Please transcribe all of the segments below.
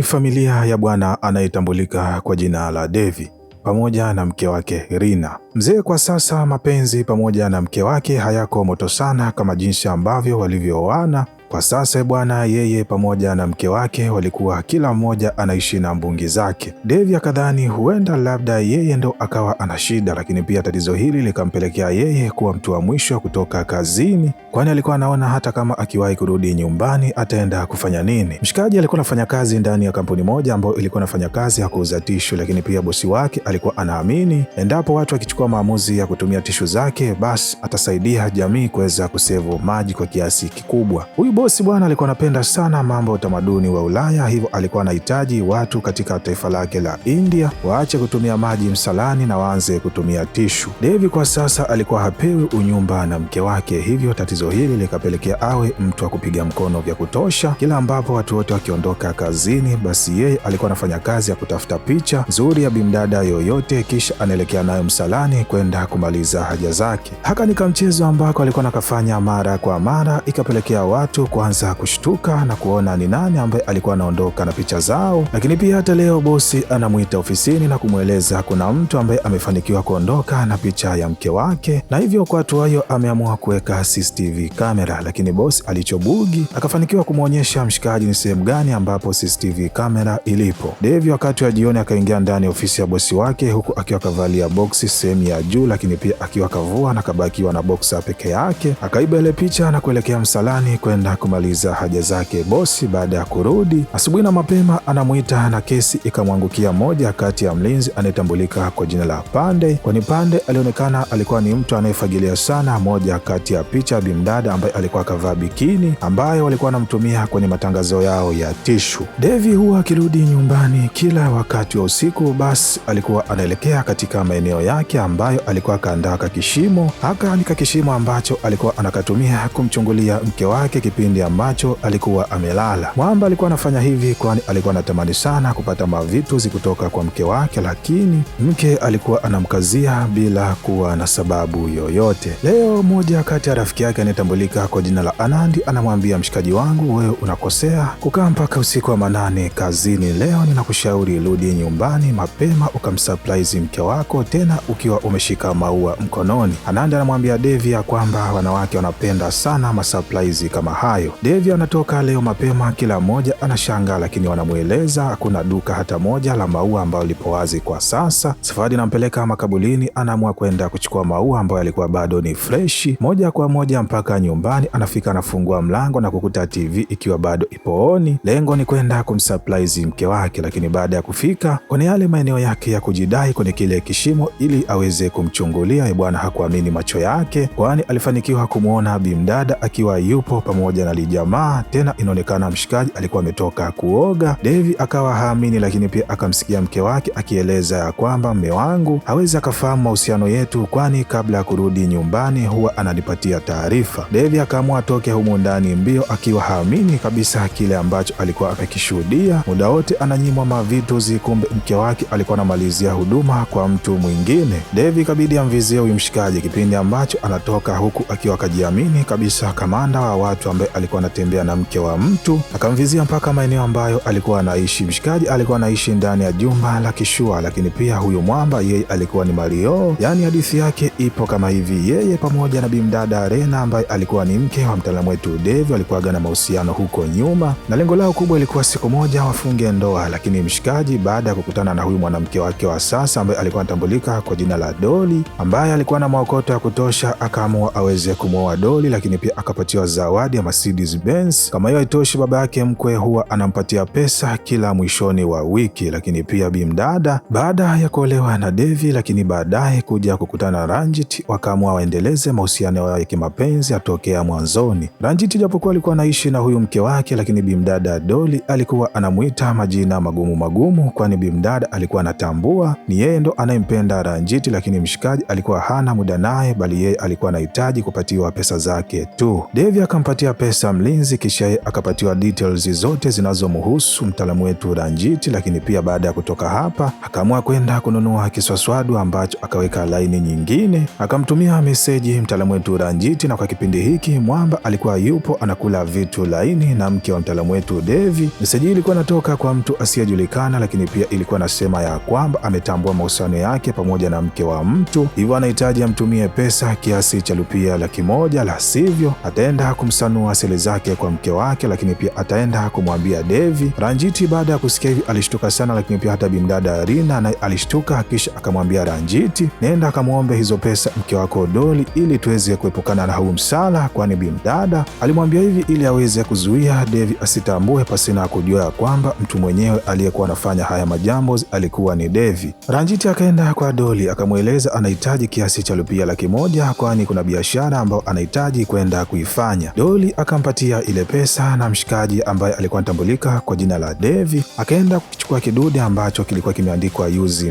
ni familia ya bwana anayetambulika kwa jina la Devi pamoja na mke wake Rina. Mzee kwa sasa, mapenzi pamoja na mke wake hayako moto sana kama jinsi ambavyo walivyooana kwa sasa e bwana, yeye pamoja na mke wake walikuwa kila mmoja anaishi na mbungi zake. Devi akadhani huenda labda yeye ndo akawa ana shida, lakini pia tatizo hili likampelekea yeye kuwa mtu wa mwisho kutoka kazini, kwani alikuwa anaona hata kama akiwahi kurudi nyumbani ataenda kufanya nini? Mshikaji alikuwa anafanya kazi ndani ya kampuni moja ambayo ilikuwa anafanya kazi ya kuuza tishu, lakini pia bosi wake alikuwa anaamini endapo watu wakichukua maamuzi ya kutumia tishu zake, basi atasaidia jamii kuweza kusevu maji kwa kiasi kikubwa. Huyu Bosi bwana alikuwa anapenda sana mambo ya utamaduni wa Ulaya, hivyo alikuwa anahitaji watu katika taifa lake la India waache kutumia maji msalani na waanze kutumia tishu. Devi kwa sasa alikuwa hapewi unyumba na mke wake, hivyo tatizo hili likapelekea awe mtu wa kupiga mkono vya kutosha kila ambapo watu wote wakiondoka kazini, basi yeye alikuwa anafanya kazi ya kutafuta picha nzuri ya bimdada yoyote, kisha anaelekea nayo msalani kwenda kumaliza haja zake. Haka ni kamchezo ambako alikuwa nakafanya mara kwa mara, ikapelekea watu kuanza kushtuka na kuona ni nani ambaye alikuwa anaondoka na picha zao. Lakini pia hata leo bosi anamwita ofisini na kumweleza kuna mtu ambaye amefanikiwa kuondoka na picha ya mke wake, na hivyo kwa hatua hiyo ameamua kuweka CCTV kamera. Lakini bosi alichobugi akafanikiwa kumwonyesha mshikaji ni sehemu gani ambapo CCTV kamera ilipo. Devi wakati wa jioni akaingia ndani ya ofisi ya bosi wake huku akiwa akavalia boksi sehemu ya juu, lakini pia akiwa akavua na kabakiwa na boksa peke yake. Akaiba ile picha na kuelekea msalani kwenda kumaliza haja zake. Bosi baada ya kurudi asubuhi na mapema anamwita na kesi ikamwangukia moja kati ya mlinzi anayetambulika kwa jina la Pande, kwani Pande alionekana alikuwa ni mtu anayefagilia sana. Moja kati ya picha ya bimdada ambaye alikuwa akavaa bikini ambayo walikuwa wanamtumia kwenye matangazo yao ya tishu. Devi huwa akirudi nyumbani kila wakati wa usiku, basi alikuwa anaelekea katika maeneo yake ambayo alikuwa akaandaa kakishimo. Haka ni kakishimo ambacho alikuwa anakatumia kumchungulia mke wake kipindi kipindi ambacho alikuwa amelala. Mwamba alikuwa anafanya hivi kwani alikuwa anatamani sana kupata mavituzi kutoka kwa mke wake, lakini mke alikuwa anamkazia bila kuwa na sababu yoyote. Leo moja kati ya rafiki yake anayetambulika kwa jina la Anandi anamwambia, mshikaji wangu, wewe unakosea kukaa mpaka usiku wa manane kazini. Leo ninakushauri rudi nyumbani mapema ukamsurprise mke wako, tena ukiwa umeshika maua mkononi. Anandi anamwambia Devi ya kwamba wanawake wanapenda sana masurprise kama haya hayo. Devi anatoka leo mapema, kila mmoja anashangaa, lakini wanamweleza hakuna duka hata moja la maua ambayo lipo wazi kwa sasa. Safadi inampeleka makabulini, anaamua kwenda kuchukua maua ambayo yalikuwa bado ni freshi. Moja kwa moja mpaka nyumbani anafika, anafungua mlango na kukuta TV ikiwa bado ipooni Lengo ni kwenda kumsurprise mke wake, lakini baada ya kufika kwenye yale maeneo yake ya kujidai kwenye kile kishimo ili aweze kumchungulia, eh, bwana hakuamini macho yake, kwani alifanikiwa kumwona bimdada akiwa yupo pamoja pamoja na lijamaa. Tena inaonekana mshikaji alikuwa ametoka kuoga. Devi akawa haamini, lakini pia akamsikia mke wake akieleza ya kwamba mme wangu hawezi akafahamu mahusiano yetu, kwani kabla ya kurudi nyumbani huwa ananipatia taarifa. Devi akaamua atoke humo ndani mbio, akiwa haamini kabisa kile ambacho alikuwa amekishuhudia. Muda wote ananyimwa mavitu kumbe mke wake alikuwa anamalizia huduma kwa mtu mwingine. Devi kabidi amvizie huyu mshikaji kipindi ambacho anatoka, huku akiwa akajiamini kabisa kamanda wa watu ambaye alikuwa anatembea na mke wa mtu, akamvizia mpaka maeneo ambayo alikuwa anaishi. Mshikaji alikuwa anaishi ndani ya jumba la kishua, lakini pia huyu mwamba yeye alikuwa ni Mario. Yaani hadithi yake ipo kama hivi, yeye pamoja na bimdada Rena ambaye alikuwa ni mke wa mtaalamu wetu Devi alikuwaga na mahusiano huko nyuma, na lengo lao kubwa ilikuwa siku moja wafunge ndoa, lakini mshikaji baada ya kukutana na huyu mwanamke wake wa sasa ambaye alikuwa anatambulika kwa jina la Doli ambaye alikuwa na maokoto ya kutosha, akaamua aweze kumwoa Doli, lakini pia akapatiwa zawadi ya Mercedes Benz. Kama hiyo haitoshi, baba yake mkwe huwa anampatia pesa kila mwishoni wa wiki. Lakini pia bimdada, baada ya kuolewa na Devi, lakini baadaye kuja kukutana na Ranjit, wakaamua waendeleze mahusiano yao ya kimapenzi atokea mwanzoni. Ranjit japokuwa alikuwa anaishi na huyu mke wake, lakini bimdada Doli alikuwa anamwita majina magumu magumu, kwani bimdada alikuwa anatambua ni yeye ndo anayempenda Ranjit, lakini mshikaji alikuwa hana muda naye, bali yeye alikuwa anahitaji kupatiwa pesa zake tu. Devi akampatia pesa pesa mlinzi, kisha akapatiwa details zote zinazomhusu mtaalamu wetu Ranjiti. Lakini pia baada ya kutoka hapa, akaamua kwenda kununua kiswaswadu ambacho akaweka laini nyingine, akamtumia meseji mtaalamu wetu Ranjiti. Na kwa kipindi hiki Mwamba alikuwa yupo anakula vitu laini na mke wa mtaalamu wetu Devi. Meseji ilikuwa inatoka kwa mtu asiyejulikana, lakini pia ilikuwa nasema ya kwamba ametambua mahusiano yake pamoja na mke wa mtu, hivyo anahitaji amtumie pesa kiasi cha lupia laki moja, la sivyo ataenda kumsanua siri zake kwa mke wake, lakini pia ataenda kumwambia Devi. Ranjiti baada ya kusikia hivi alishtuka sana, lakini pia hata bimdada Rina naye alishtuka, kisha akamwambia Ranjiti, nenda akamwombe hizo pesa mke wako Doli ili tuweze kuepukana na huu msala, kwani bimdada alimwambia hivi ili aweze kuzuia Devi asitambue pasina kujua ya kwamba mtu mwenyewe aliyekuwa anafanya haya majambo alikuwa ni Devi. Ranjiti akaenda kwa Doli akamweleza anahitaji kiasi cha rupia laki moja kwani kuna biashara ambayo anahitaji kwenda kuifanya. Doli akampatia ile pesa, na mshikaji ambaye alikuwa anatambulika kwa jina la Devi akaenda kukichukua kidude ambacho kilikuwa kimeandikwa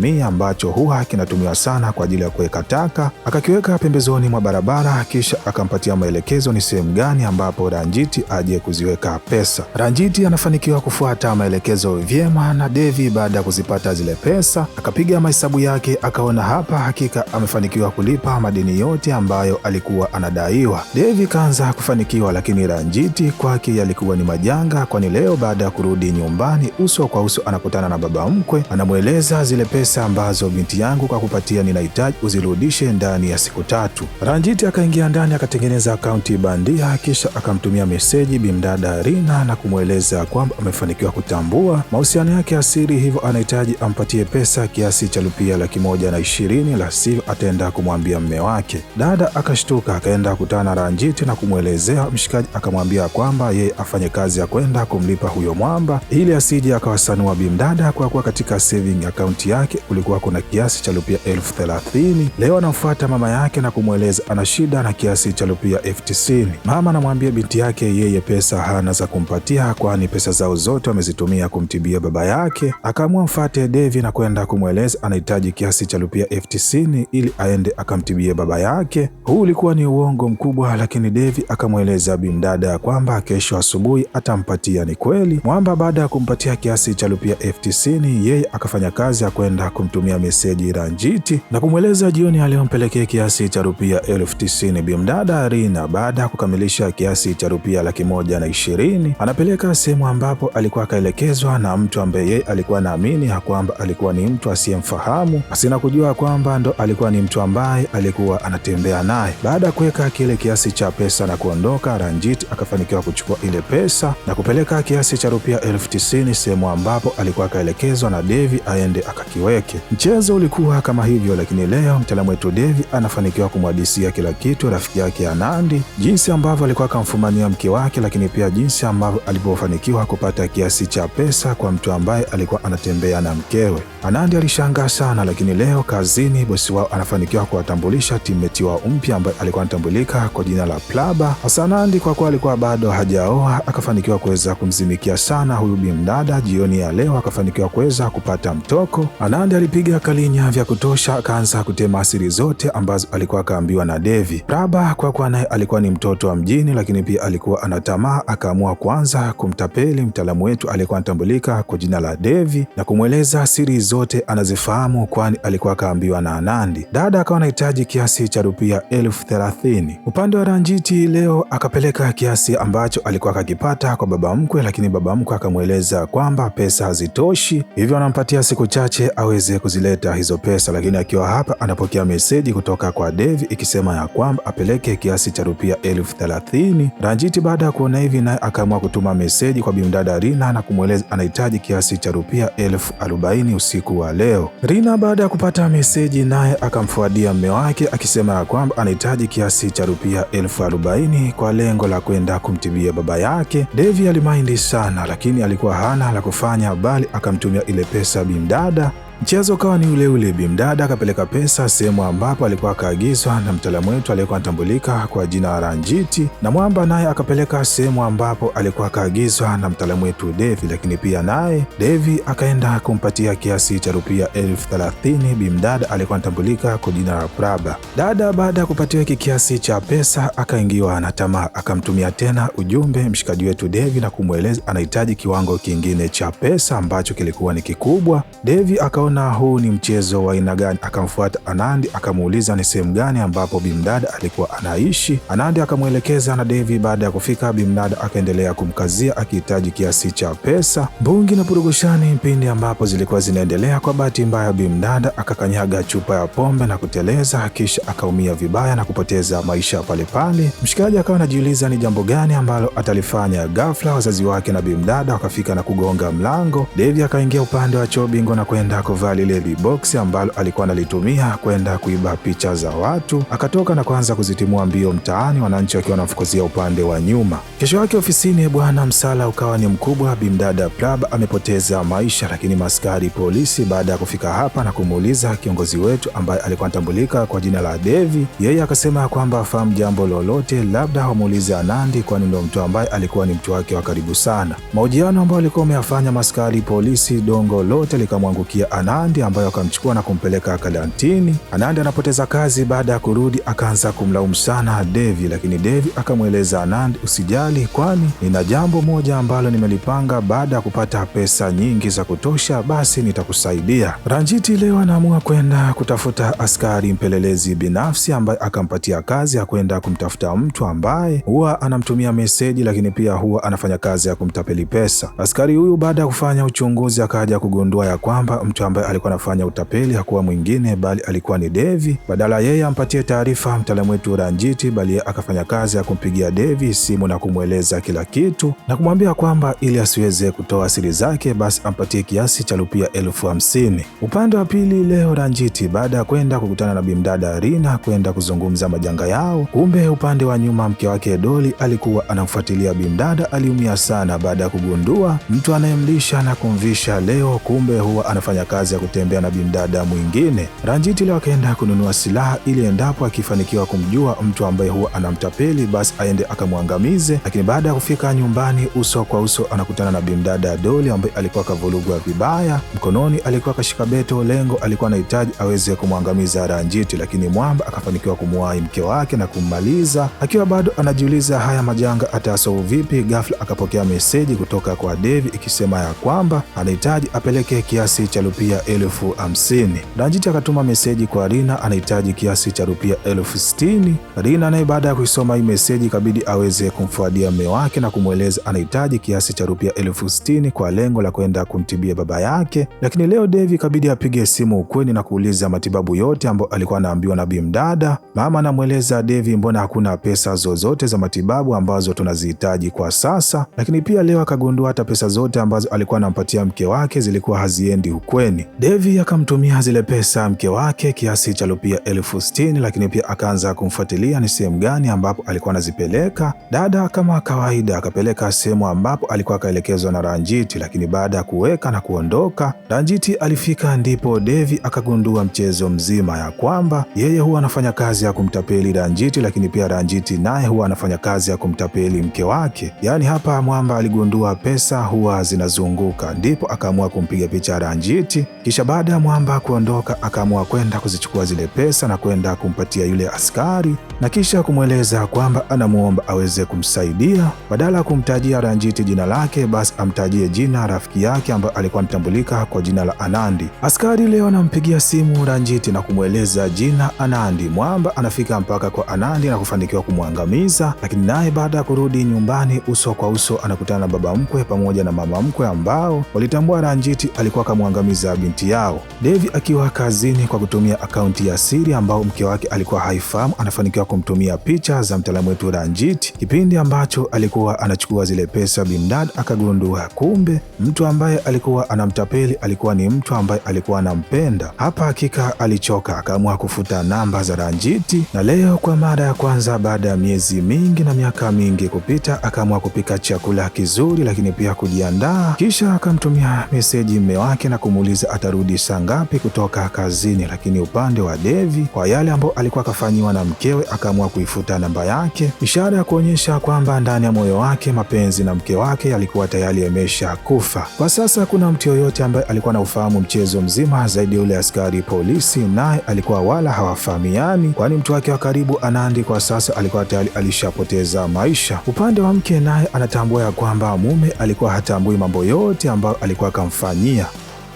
me, ambacho huwa kinatumiwa sana kwa ajili ya kuweka taka, akakiweka pembezoni mwa barabara, kisha akampatia maelekezo ni sehemu gani ambapo Ranjiti aje kuziweka pesa. Ranjiti anafanikiwa kufuata maelekezo vyema, na Devi baada ya kuzipata zile pesa akapiga mahesabu yake, akaona hapa hakika amefanikiwa kulipa madeni yote ambayo alikuwa anadaiwa. Devi kaanza kufanikiwa lakini ranjiti kwake yalikuwa ni majanga, kwani leo baada ya kurudi nyumbani, uso kwa uso anakutana na baba mkwe, anamweleza zile pesa ambazo binti yangu kwa kupatia ninahitaji uzirudishe ndani ya siku tatu. Ranjiti akaingia ndani akatengeneza akaunti bandia, kisha akamtumia meseji bimdada Rina na kumweleza kwamba amefanikiwa kutambua mahusiano yake ya siri, hivyo anahitaji ampatie pesa kiasi cha lupia laki moja na ishirini, la sivyo ataenda kumwambia mme wake. Dada akashtuka akaenda kukutana na Ranjiti na kumwelezea mshikaji akamwambia kwamba yeye afanye kazi ya kwenda kumlipa huyo mwamba ili asije akawasanua bimdada, kwa kuwa katika saving account yake kulikuwa kuna kiasi cha rupia elfu thelathini. Leo anamfuata mama yake na kumweleza ana shida na kiasi cha rupia elfu tisini. Mama anamwambia binti yake yeye pesa hana za kumpatia, kwani pesa zao zote wamezitumia kumtibia baba yake. Akaamua mfate Devi na kwenda kumweleza anahitaji kiasi cha rupia elfu tisini ili aende akamtibie baba yake. Huu ulikuwa ni uongo mkubwa, lakini Devi akamweleza mdada ya kwamba kesho asubuhi atampatia. Ni kweli Mwamba baada ya kumpatia kiasi cha rupia elfu tisini yeye akafanya kazi ya kwenda kumtumia meseji Ranjiti na kumweleza jioni aliyompelekea kiasi cha rupia elfu tisini Bimdada Rina baada ya kukamilisha kiasi cha rupia laki moja na ishirini anapeleka sehemu ambapo alikuwa akaelekezwa na mtu ambaye yeye alikuwa naamini ya kwamba alikuwa ni mtu asiyemfahamu asina kujua kwamba ndo alikuwa ni mtu ambaye alikuwa anatembea naye. Baada ya kuweka kile kiasi cha pesa na kuondoka Ranjiti Ranjit akafanikiwa kuchukua ile pesa na kupeleka kiasi cha rupia elfu tisini sehemu ambapo alikuwa akaelekezwa na Devi aende akakiweke. Mchezo ulikuwa kama hivyo, lakini leo mtaalamu wetu Devi anafanikiwa kumwadisia kila kitu rafiki yake Anandi, jinsi ambavyo alikuwa akamfumania mke wake, lakini pia jinsi ambavyo alipofanikiwa kupata kiasi cha pesa kwa mtu ambaye alikuwa anatembea na mkewe. Anandi alishangaa sana, lakini leo kazini bosi wao anafanikiwa kuwatambulisha timeti wao mpya ambaye alikuwa anatambulika kwa jina la Plaba. Hasa Anandi kwa kuwa alikuwa bado hajaoa, akafanikiwa kuweza kumzimikia sana huyu bimdada. Jioni ya leo akafanikiwa kuweza kupata mtoko. Anande alipiga kalinya vya kutosha, akaanza kutema asiri zote ambazo alikuwa akaambiwa na Devi. Raba kwa kuwa naye alikuwa ni mtoto wa mjini, lakini pia alikuwa ana tamaa, akaamua kuanza kumtapeli mtaalamu wetu aliyekuwa anatambulika kwa jina la Devi na kumweleza siri zote anazifahamu, kwani alikuwa akaambiwa na Anandi. Dada akawa anahitaji kiasi cha rupia elfu thelathini. Upande wa Ranjiti leo akapeleka alilalamika kiasi ambacho alikuwa akakipata kwa baba mkwe, lakini baba mkwe akamweleza kwamba pesa hazitoshi, hivyo anampatia siku chache aweze kuzileta hizo pesa. Lakini akiwa hapa anapokea meseji kutoka kwa Devi ikisema ya kwamba apeleke kiasi cha rupia elfu thelathini. Ranjiti baada ya kuona hivi, naye akaamua kutuma meseji kwa bimdada Rina na kumweleza anahitaji kiasi cha rupia elfu arobaini usiku wa leo. Rina baada ya kupata meseji, naye akamfuadia mme wake akisema ya kwamba anahitaji kiasi cha rupia elfu arobaini kwa lengo la kwenda kumtibia baba yake. Devi alimaindi sana, lakini alikuwa hana la kufanya, bali akamtumia ile pesa bimdada Mchezo ukawa ni ule ule, bimdada akapeleka pesa sehemu ambapo alikuwa akaagizwa na mtaalamu wetu aliyekuwa anatambulika kwa jina Ranjiti, na mwamba naye akapeleka sehemu ambapo alikuwa akaagizwa na mtaalamu wetu Devi, lakini pia naye Devi akaenda kumpatia kiasi cha rupia elfu thelathini bimdada alikuwa anatambulika kwa jina la Praba. Dada baada ya kupatiwa hiki kiasi cha pesa akaingiwa na tamaa, akamtumia tena ujumbe mshikaji wetu Devi na kumweleza anahitaji kiwango kingine cha pesa ambacho kilikuwa ni kikubwa. Devi akaona kuona huu ni mchezo wa aina gani? Akamfuata Anandi akamuuliza ni sehemu gani ambapo Bimdad alikuwa anaishi. Anandi akamwelekeza na Devi. Baada ya kufika, Bimdad akaendelea kumkazia akihitaji kiasi cha pesa. Bungi na purugushani pindi ambapo zilikuwa zinaendelea, kwa bahati mbaya Bimdad akakanyaga chupa ya pombe na kuteleza, kisha akaumia vibaya na kupoteza maisha palepale. Mshikaji akawa anajiuliza ni jambo gani ambalo atalifanya. Ghafla wazazi wake na Bimdad wakafika na kugonga mlango. Devi akaingia upande wa choo bingo na kwenda kuvaa lile viboksi ambalo alikuwa analitumia kwenda kuiba picha za watu, akatoka na kuanza kuzitimua mbio mtaani, wananchi wakiwa wanamfukuzia upande wa nyuma. Kesho yake ofisini, bwana, msala ukawa ni mkubwa. Bimdada Prab amepoteza maisha, lakini maskari polisi baada ya kufika hapa na kumuuliza kiongozi wetu ambaye alikuwa anatambulika kwa jina la Devi, yeye akasema kwamba afahamu jambo lolote, labda wamuulize Anandi, kwani ndo mtu ambaye alikuwa ni mtu wake wa karibu sana. Mahojiano ambayo alikuwa ameyafanya maskari polisi, dongo lote likamwangukia Anandi. Anandi ambayo akamchukua na kumpeleka karantini. Anandi anapoteza kazi baada ya kurudi, akaanza kumlaumu sana Devi, lakini Devi akamweleza Anandi, usijali, kwani nina jambo moja ambalo nimelipanga. Baada ya kupata pesa nyingi za kutosha, basi nitakusaidia. Ranjiti leo anaamua kwenda kutafuta askari mpelelezi binafsi ambaye akampatia kazi ya kwenda kumtafuta mtu ambaye huwa anamtumia meseji, lakini pia huwa anafanya kazi ya kumtapeli pesa. Askari huyu baada ya kufanya uchunguzi akaja kugundua ya kwamba mtu ambaye alikuwa anafanya utapeli hakuwa mwingine bali alikuwa ni Devi. Badala yeye ampatie taarifa mtaalamu wetu Ranjiti, bali akafanya kazi ya kumpigia Devi simu na kumweleza kila kitu na kumwambia kwamba ili asiweze kutoa siri zake, basi ampatie kiasi cha rupia elfu hamsini. Upande wa pili leo Ranjiti, baada ya kwenda kukutana na bimdada Rina kwenda kuzungumza majanga yao, kumbe upande wa nyuma mke wake Doli alikuwa anamfuatilia bimdada. Aliumia sana baada ya kugundua mtu anayemlisha na kumvisha leo, kumbe huwa anafanya kazi kazi ya kutembea na bimdada mwingine. Ranjit leo akaenda kununua silaha ili endapo akifanikiwa kumjua mtu ambaye huwa anamtapeli basi aende akamwangamize. Lakini baada ya kufika nyumbani, uso kwa uso anakutana na bimdada Doli ambaye alikuwa akavurugwa vibaya, mkononi alikuwa akashika beto. Lengo alikuwa anahitaji aweze kumwangamiza Ranjit, lakini mwamba akafanikiwa kumwahi mke wake na kummaliza. Akiwa bado anajiuliza haya majanga atasau vipi, ghafla akapokea meseji kutoka kwa Devi ikisema ya kwamba anahitaji apeleke kiasi cha rupia rupia elfu hamsini. Ranjiti akatuma meseji kwa Rina, anahitaji kiasi cha rupia elfu sitini. Rina naye baada ya kuisoma hii meseji ikabidi aweze kumfuadia mume wake na kumweleza anahitaji kiasi cha rupia elfu sitini kwa lengo la kwenda kumtibia baba yake, lakini leo Devi ikabidi apige simu ukweni na kuuliza matibabu yote ambayo alikuwa anaambiwa na bimdada. Mama anamweleza Devi, mbona hakuna pesa zozote za matibabu ambazo tunazihitaji kwa sasa, lakini pia leo akagundua hata pesa zote ambazo alikuwa anampatia mke wake zilikuwa haziendi ukweni ishirini. Devi akamtumia zile pesa mke wake kiasi cha rupia elfu sitini, lakini pia akaanza kumfuatilia ni sehemu gani ambapo alikuwa anazipeleka. Dada kama kawaida akapeleka sehemu ambapo alikuwa akaelekezwa na Ranjiti, lakini baada ya kuweka na kuondoka Ranjiti alifika, ndipo Devi akagundua mchezo mzima ya kwamba yeye huwa anafanya kazi ya kumtapeli Ranjiti, lakini pia Ranjiti naye huwa anafanya kazi ya kumtapeli mke wake. Yaani hapa Mwamba aligundua pesa huwa zinazunguka, ndipo akaamua kumpiga picha Ranjiti kisha baada ya mwamba kuondoka, akaamua kwenda kuzichukua zile pesa na kwenda kumpatia yule askari na kisha kumweleza kwamba anamwomba aweze kumsaidia badala ya kumtajia Ranjiti jina lake, basi amtajie jina rafiki yake ambaye alikuwa anatambulika kwa jina la Anandi. Askari leo anampigia simu Ranjiti na kumweleza jina Anandi. Mwamba anafika mpaka kwa Anandi na kufanikiwa kumwangamiza, lakini naye baada ya kurudi nyumbani, uso kwa uso anakutana na baba mkwe pamoja na mama mkwe ambao walitambua Ranjiti alikuwa akamwangamiza binti yao. Devi akiwa kazini kwa kutumia akaunti ya siri ambao mke wake alikuwa haifahamu, anafanikiwa kumtumia picha za mtaalamu wetu Ranjit kipindi ambacho alikuwa anachukua zile pesa. Bindad akagundua kumbe mtu ambaye alikuwa anamtapeli alikuwa ni mtu ambaye alikuwa anampenda. Hapa hakika alichoka, akaamua kufuta namba za Ranjiti, na leo kwa mara ya kwanza baada ya miezi mingi na miaka mingi kupita, akaamua kupika chakula kizuri, lakini pia kujiandaa, kisha akamtumia meseji mme wake na kumuuliza atarudi saa ngapi kutoka kazini, lakini upande wa Devi kwa yale ambayo alikuwa akafanyiwa na mkewe, akaamua kuifuta namba yake, ishara ya kuonyesha kwamba ndani ya moyo wake mapenzi na mke wake yalikuwa tayari yamesha kufa. Kwa sasa hakuna mtu yoyote ambaye alikuwa na ufahamu mchezo mzima zaidi ya yule askari polisi, naye alikuwa wala hawafahamiani, kwani mtu wake wa karibu Anandi kwa sasa alikuwa tayari alishapoteza maisha. Upande wa mke naye anatambua ya kwamba mume alikuwa hatambui mambo yote ambayo alikuwa akamfanyia.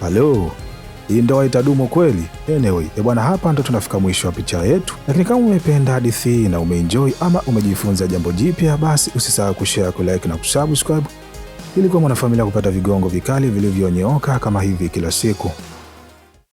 Halo, hii ndoa itadumu kweli? Anyway, e bwana, hapa ndo tunafika mwisho wa picha yetu, lakini kama umependa hadithi hii na umeenjoy ama umejifunza jambo jipya, basi usisahau kushare, kulike na kusubscribe ili kuwa mwanafamilia kupata vigongo vikali vilivyonyooka kama hivi kila siku.